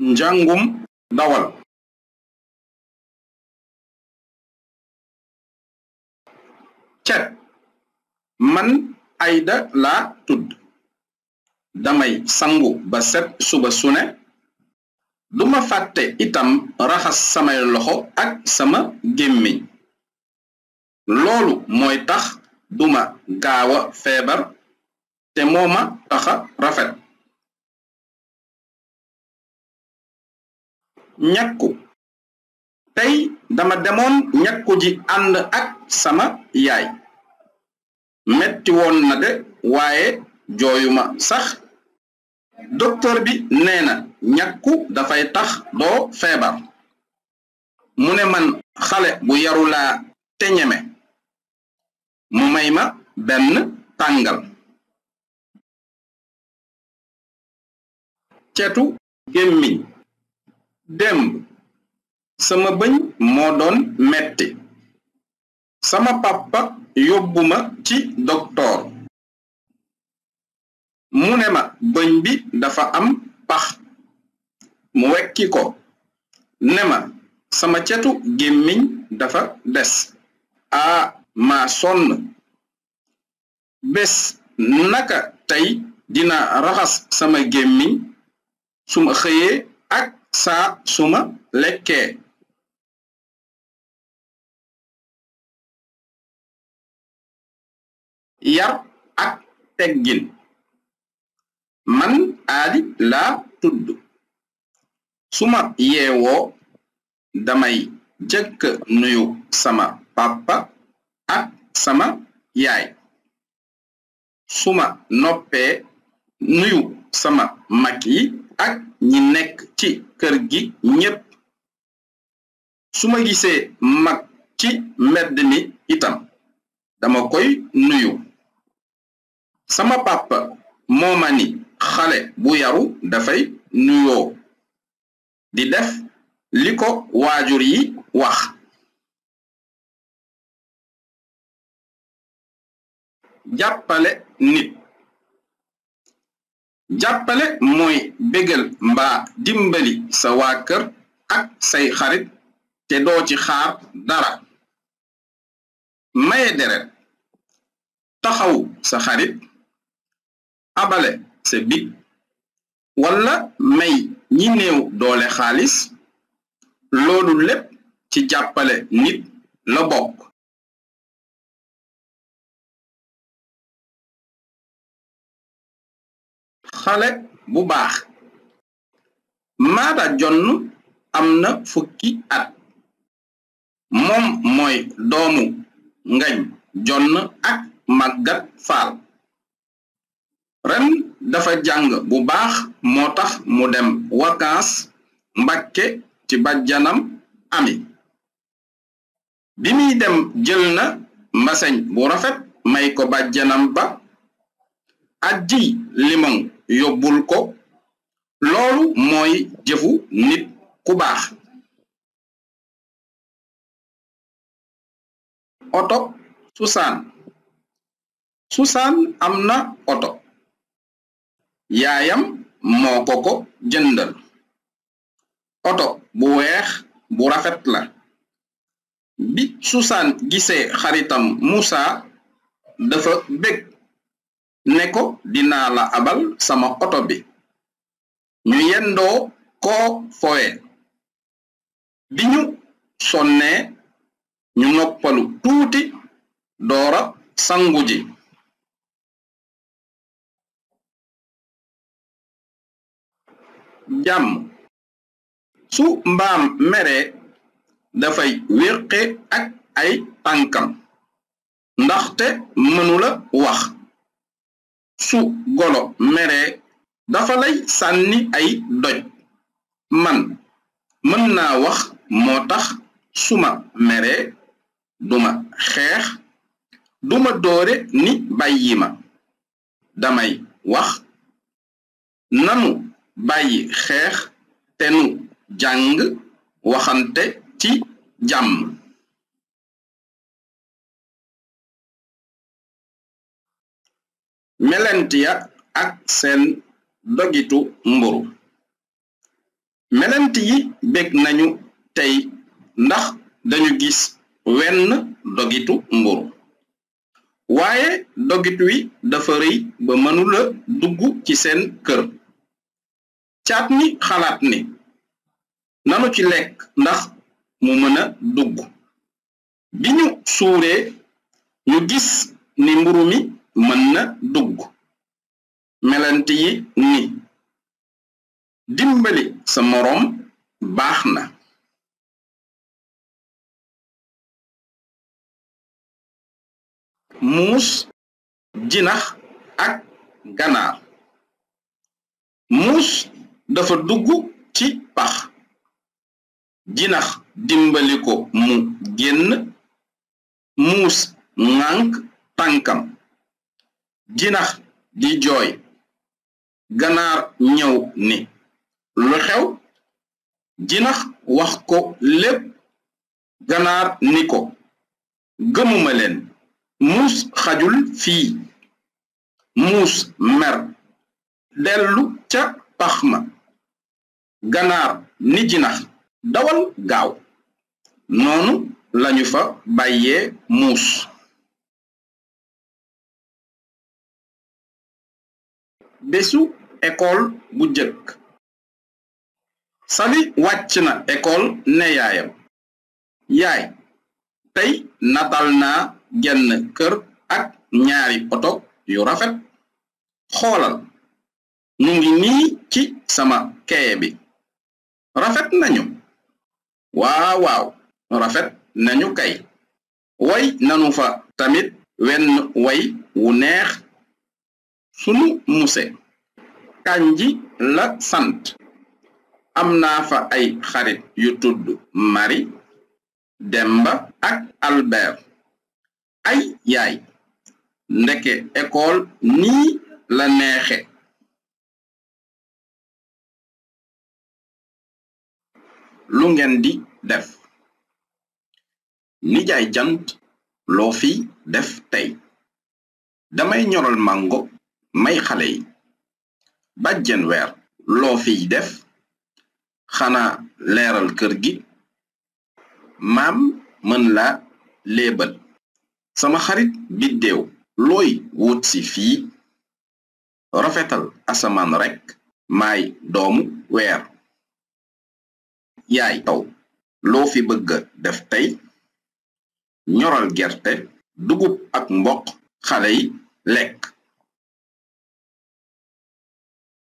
njàngum dawal cet man ayda laa tudd damay sangu ba set suba sune duma fàtte itam raxas samay loxo ak sama gémmiñ loolu mooy tax duma gaawa feebar te mooma taxa rafet ñàkku tey dama demoon ñàkku ji ànd ak sama yay metti woon na de waaye jooyuma sax docteur bi nee na ñàkku dafay tax doo feebar mu ne man xale bu yarulaa te ñeme mu may ma benn tàngal ceetu gémmiñ dem sama bëñ moo metti sama papa yobuma ci doktor munema ma bi dafa am pax mu wekki ko ne sama cetu gaming dafa des a ma son bes naka tay dina rahas sama gaming suma xeye ak saa suma lekkee yar ak teggin man aali la tudd suma yeewoo damay jëkk nuyu sama pappa ak sama yaay suma noppe nuyu sama mag yi ak ñi nekk ci kër gi ñépp su ma gisee mag ci mbedd mi itam dama koy nuyu sama papa moo xale bu yaru dafay nuyoo di def li ko waajur yi wax jàppale nit jàppale mooy bégal mbaa dimbali sa waa kër ak say xarit te doo ci xaar dara maye deret taxaw sa xarit abale sa bit wala may ñi néew doole xaalis loolu lépp ci jàppale nit la bokk xale bu baax maada jonn am na fukki at moom mooy doomu ngañ jonn ak màggat fal ren dafa jàng bu baax moo tax mu dem wakaas mbakke ci bajjanam ami bi muy dem jël na mbaseñ bu rafet may ko bajjanam ba aji limon yóbbul ko loolu mooy jëfu nit ku baax oto susaan susaan am na oto yaayam moo ko jëndal oto bu weex bu rafet la bi susaan gisee xaritam Musa dafa bég ne ko dinaa la abal sama oto bi ñu koo ko fowe bi ñu sonnee noppalu tuuti doora sangu ji jàmm su mbaam meree dafay wéqe ak ay tànkam ndaxte mënula wax su golo meree dafa lay sànni ay doj man mën naa wax moo tax suma meree duma xeex duma doore ni bàyyi ma damay wax nanu bàyyi xeex te nu jàng waxante ci jàmm melent ya ak seen dogitu mburu melent yi bég nañu tey ndax dañu gis wenn dogitu mburu waaye dogit wi dafa rëy ba mënula dugg ci seen kër caat ni xalaat ni nanu ci lekk ndax mu mën a dugg bi ñu suuree ñu gis ni mburu mi mën na dugg melante yi ni dimbali sa moroom baax na muus jinax ak ganaar muus dafa dugg ci pax jinax dimbali ko mu génn muus ŋànk tànkam jinax di jooy ganaar ñëw ni lu xew jinax wax ko lépp ganaar ni ko gëmuma leen muus xajul fii muus mer dellu ca pax ma ganaar ni jinax dawal gaaw noonu lañu fa bàyyee muus bésu école bu jëkk sali wàcc na école ne yaayam yaay tey nataal naa genn kër ak ñaari oto yu rafet xoolal ñu ngi nii ci sama kaye bi rafet nañu waaw waaw rafet nañu kay way nanu fa tamit wenn way wu neex sunu muse kanji la sant am naa fa ay xarit yu tudd mari demba ak albert ay yaay ndeke école nii la neexe lu ngeen di def nijaay jant loo fi def tey damay ñoral mango may xale yi bàjjen weer loo fiy def xanaa leeral kër gi maam mën la léebal sama xarit biddéew looy wut si fii rafetal asamaan rekk may doomu weer yaay taw loo fi bëgga def tey ñoral gerte dugub ak mboq xale yi lekk